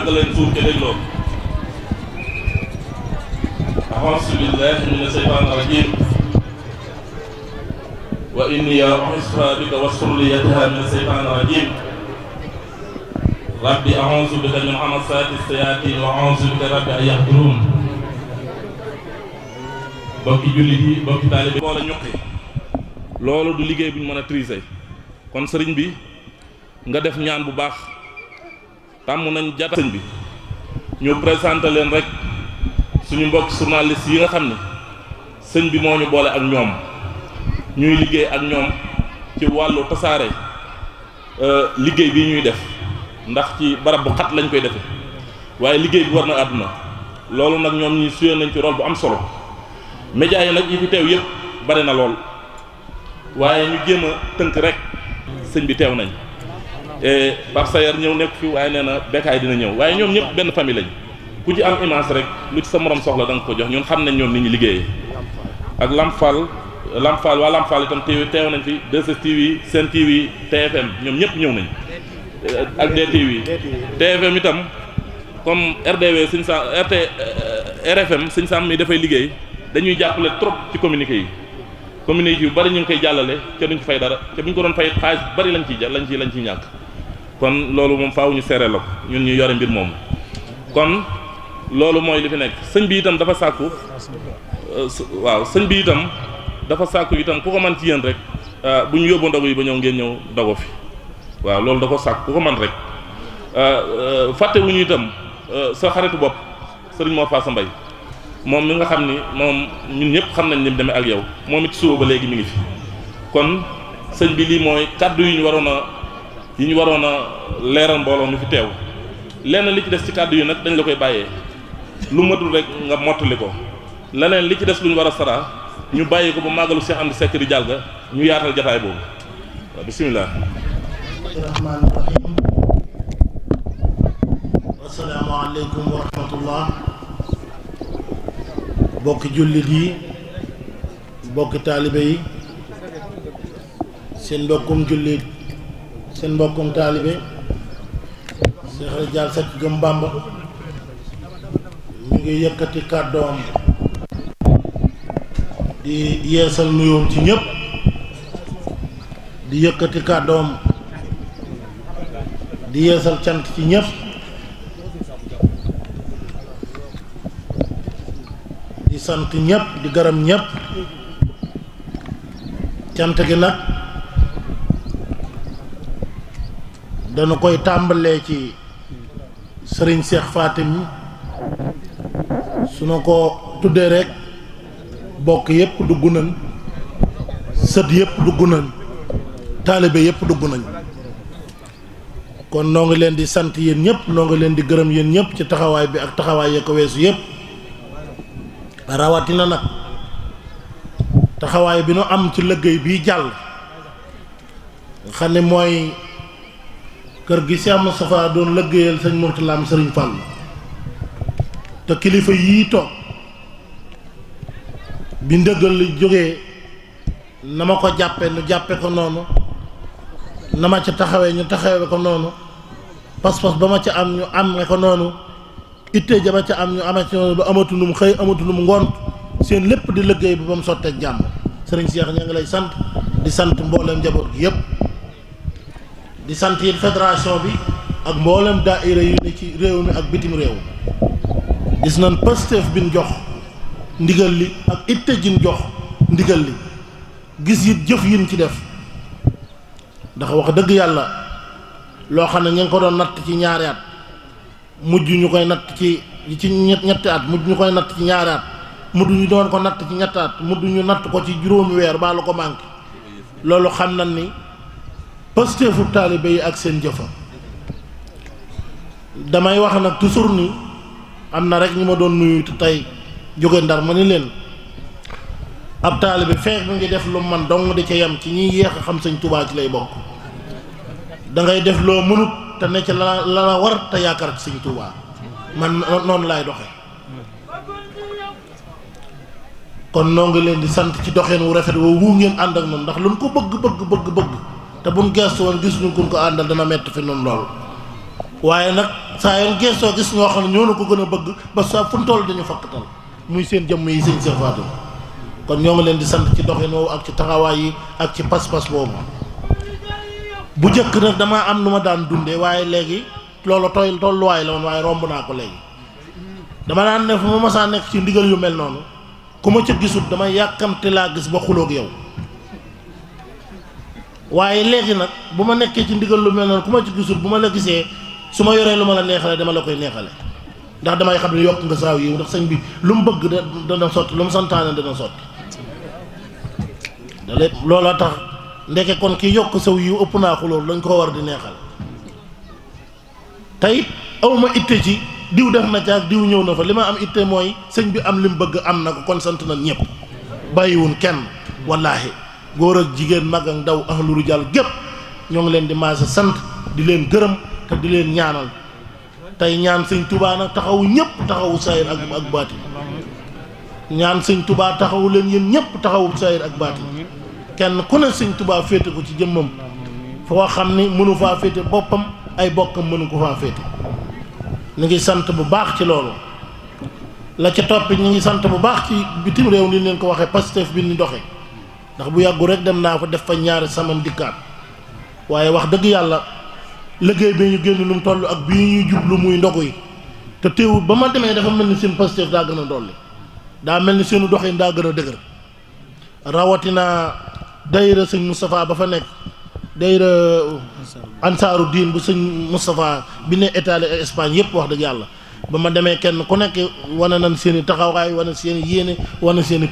ak leen tuub te dégloo أعوذ بالله من الشيطان loolu du liggéey bu mën a triser kon sëriñ bi nga def ñaan bu baax tàmm nañ jata sëñ bi ñu présente leen rek suñu mbokk journaliste yi nga xam ne sëñ bi moo ñu boole ak ñoom ñuy liggéey ak ñoom ci wàllu tasaare euh, liggéey bi ñuy def ndax ci barab bu xat lañ koy defe waaye liggéey bi war na àdduna loolu nag ñoom ñi suyee nañ ci rol bu am solo médias yi nag yi fi teew yëpp bari na lool waaye ñu jéem a tënk rek sëñ bi teew nañ Pape eh, Sayar ñëw nekk fi waaye nee na Bécaye dina ñëw waaye ñoom ñëpp benn famille lañ ku ci am image rek lu ci sa morom soxla da nga ko jox ñun xam nañ ñoom ni ñu liggéeyee ak Lamfal Lamfal waa Lamfal itam TV teew nañ fi 2STV Sen TV TFM ñoom ñëpp ñëw nañ eh, ak DTV TFM itam comme RDV suñ sa RT eh, RFM suñ sàmm mi dafay liggéey dañuy jàppale trop ci communiqué yi communiqué yu bari ñu ngi koy jàllale te duñ ci fay dara te buñ ko doon fay xaalis bari lañ ciy ja lañ ciy lañ ciy ñàkk kon loolu moom faaw ñu seere la ko ñun ñu yore mbir moomu kon loolu mooy li fi nekk sëñ bi itam dafa sàkku euh, waaw sëñ bi itam dafa sàkku itam ku ko man ci yéen rek euh, bu ñu yóbbu ndogu yi ba ñëw ngeen ñëw dogo fi waaw loolu da ko sàkku ku ko man rek euh, fàtte wu ñu itam sa xaritu bopp sëriñ moo faa sa mbay moom mi nga xam ni moom ñun ñëpp xam nañ ni mu demee ak yow moom it suba ba léegi mi ngi fi kon sëñ bi lii mooy kàddu yu ñu waroon yi ñu waroon a leeral mbooloo mi fi teew lenn li ci des ci kàddu yi nag dañ la koy bàyyee lu matul rek nga mottali ko leneen li ci des lu ñu war a sara ñu bàyyi ko ba màggalu Cheikh Amdi Seck di ñu yaatal jataay boobu waaw bisimilah. rahmaani rahim. asalaamaaleykum seen mbokkum jullit. sen mbokkum talibé Cheikh Ridial Seck Gëm bamba ñu ngi yëkëti kaddoom di yeesal nuyoom ci ñëpp di yëkëti kaddoom di yeesal cant ci ñëpp di sant ñëpp di garam ñëpp cant gi nak dana koy tàmbalee ci sëriñ Seex Fatim su na ko tuddee rek bokk yépp dugg nañ sët yépp dugg nañ taalibe yépp dugg nañ kon noo ngi leen di sant yéen ñëpp noo ngi leen di gërëm yéen ñëpp ci taxawaay bi ak taxawaay ya ko weesu yépp rawatina nag taxawaay bi nu am ci liggéey bii jàll nga xam ne mooy kër gi Cheikh Moustapha doon lëggéeyal seigne Mourtala am serigne Fall te kilifa yi toog bi ndëggal li joge nama ko jappé nu jappé ko nonu na ci taxawé ñu taxawé ko nonu pas-pas bama ci am ñu am ko nonu ittee jama ci am ñu am ci nonu ba amatu num xey amatu num seen lepp di leggey bu ba mu jamm serigne Cheikh ñi ngi lay sant di sante mbolam jabo yépp di sant yéen fédération bi ak mboolem daaira yu ne ci réew mi ak bitim réew gis nan Pastef bin jox ndigal li ak itte jin jox ndigal li gis yit jëf yin ci def ndax wax dëgg yàlla loo xam ne ñu ngi ko doon natt ci ñaari at mujj ñu koy natt ci ci ñetti at mujj ñu koy natt ci ñaari at mujj ñu doon ko natt ci ñetti mujj ñu natt ko ci juróomi weer baa lu ko manqué loolu xam nañ ni Pasti taalibe yi ak seen jofa damay wax nag toujours ni am na rek ñu ma doon nuyu ndar ab feex def lu man dong di ca yem ci ñiy yéex a xam sëñ Tuubaa ci lay def lom mënut te ne ci la la war ta yaakaar ci sëñ man non lai doke. kon noo ngi di sant ci doxeen wu rafet woo wu ngeen ànd ak noonu ndax lu ko bëgg bëgg bëgg bëgg te bu buñ gestu woon gisuñu ñu ko àndal dana metti fi noonu lool waaye nag saa yoon gestoo gis ñoo xam ne ñoo na ko gën a bëgg ba sa fu ñu toll dañu fakkatal muy seen jëmm yi seen Cheikh Fatou kon ñoo ngi leen di sant ci doxin woowu ak ci taxawaay yi ak ci pas-pas boobu bu njëkk nag damaa am nu ma daan dundee waaye léegi loolu tooy tolluwaay la woon waaye romb naa ko léegi dama daan ne fu ma masaa nekk ci ndigal yu mel noonu ku ma ca gisut damay yàkkamte laa gis ba yow waaye léegi nag bu ma nekkee ci ndigal lu mel na ku ma ci gisul bu ma la gisee su ma yoree lu ma la neexale dama la koy neexale ndax damay xam ne yokk nga saaw yi ndax sëñ bi lu mu bëgg dana sotti lu mu santaane dana sotti da lépp looloo tax ndeke kon ki yokk saw yiw ëpp naa ko loolu dañ ko war di neexal tey awma itte ci diw def na caag diw ñëw na fa li ma am itte mooy sëñ bi am li mu bëgg am na ko kon sant na ñëpp bàyyiwun kenn wallaahi góor ak jigéen mag ak ndaw ahlu rijal gépp ñoo ngi leen di maase sant di leen gërëm te di leen ñaanal tey ñaan sëñ tubaa nag taxawu ñëpp taxawu sayir ak ak baati ñaan sëñ tubaa taxawu leen yéen ñëpp taxawu sayir ak baati kenn ku ne sëñ tubaa féete ko ci jëmmam foo xam ni mënu faa féete boppam ay bokkam mënu ko faa féete ñu ngi sant bu baax ci loolu la ca topp ñu ngi sant bu baax ci bitim réew ni leen ko waxee Pastef bi ni doxee ndax bu yàggul rek dem naa fa def fa ñaari samam dikkaat waaye wax dëgg yàlla liggéey bi ñu génn lu mu toll ak bii ñuy jublu muy ndogu yi te teewul ba ma demee dafa mel ni seen Pastef daa gën a dolli daa mel ni seenu doxin daa gën a dëgër rawatina dayra sëñ Moustapha ba fa nekk dayra ansaaru diin bu sëñ Moustapha bi ne Italie ak Espagne yëpp wax dëgg yàlla ba ma demee kenn ku nekk wane nañ seeni taxawaay wane seen yéene wane seen i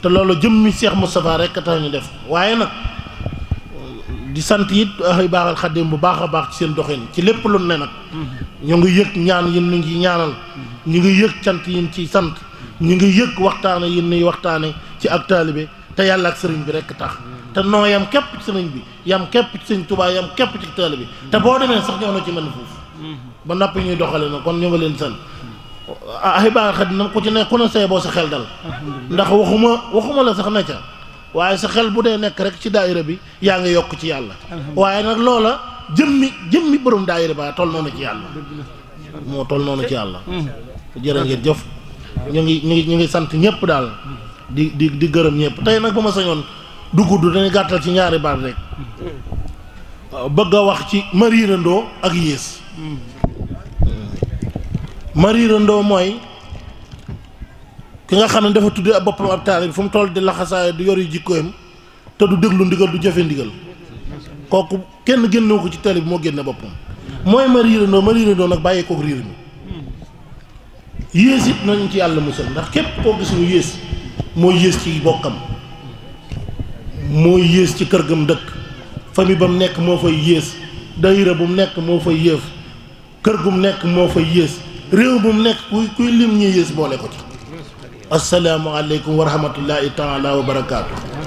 te loolu jëmmi Cheikh Moustapha rek tax ñu def waaye nag di sant it ay baaxal xaddim bu baax a baax ci seen doxin ci lépp lu ne nag ñu ngi yëg ñaan yin ñu ngi ñaanal ñu ngi yëg cant yin ci sant ñu ngi yëg waxtaane yin nuy waxtaane ci ak taalibe te yàlla ak sëriñ bi rek tax te noo yam képp ci sëriñ bi yam képp ci sëriñ yam képp ci taalibe te boo demee sax ñoo na ci mën foofu ba noppi ñuy doxale na kon ñu leen sant Ah, ay baa nam ko ci ne ko na sey bo sa xel dal ndax waxuma waxuma la sax na ca waye sa xel budé nek rek ci daayira bi ya nga yok ci yalla waye nak lola jëmmi jëmmi borom daayira ba tol nonu ci yalla mo tol nonu ci yalla mm. jërë ngeen jëf ñu ngi ñu ngi sant ñepp dal di di di gëreem ñepp tay nak bama sañon du gudd ci ñaari baat rek mm. bëgg wax ci ak ma riirandoo mooy ki nga xam ne dafa tuddee ab boppam ab taalibe fu mu toll di laxasaay du yor yu jikkoyam te du déglu ndigal du jëfe ndigal kooku kenn génnewu ko ci taalibe moo génn boppam mooy ma riirandoo ma riirandoo nag bàyyi kook riir mi yées it nañ ci yàlla musal ndax képp koo gis mu yées moo yées ci bokkam moo yées ci kër gam dëkk famille ba mu nekk moo fay yées dayira bu mu nekk moo fay yées kër gu mu nekk moo fay yées réew bu mu nekk kuy kuy lim ñuy yées boole ko ci asalaamaaleykum wa rahmatullahi taala wa barakaatu.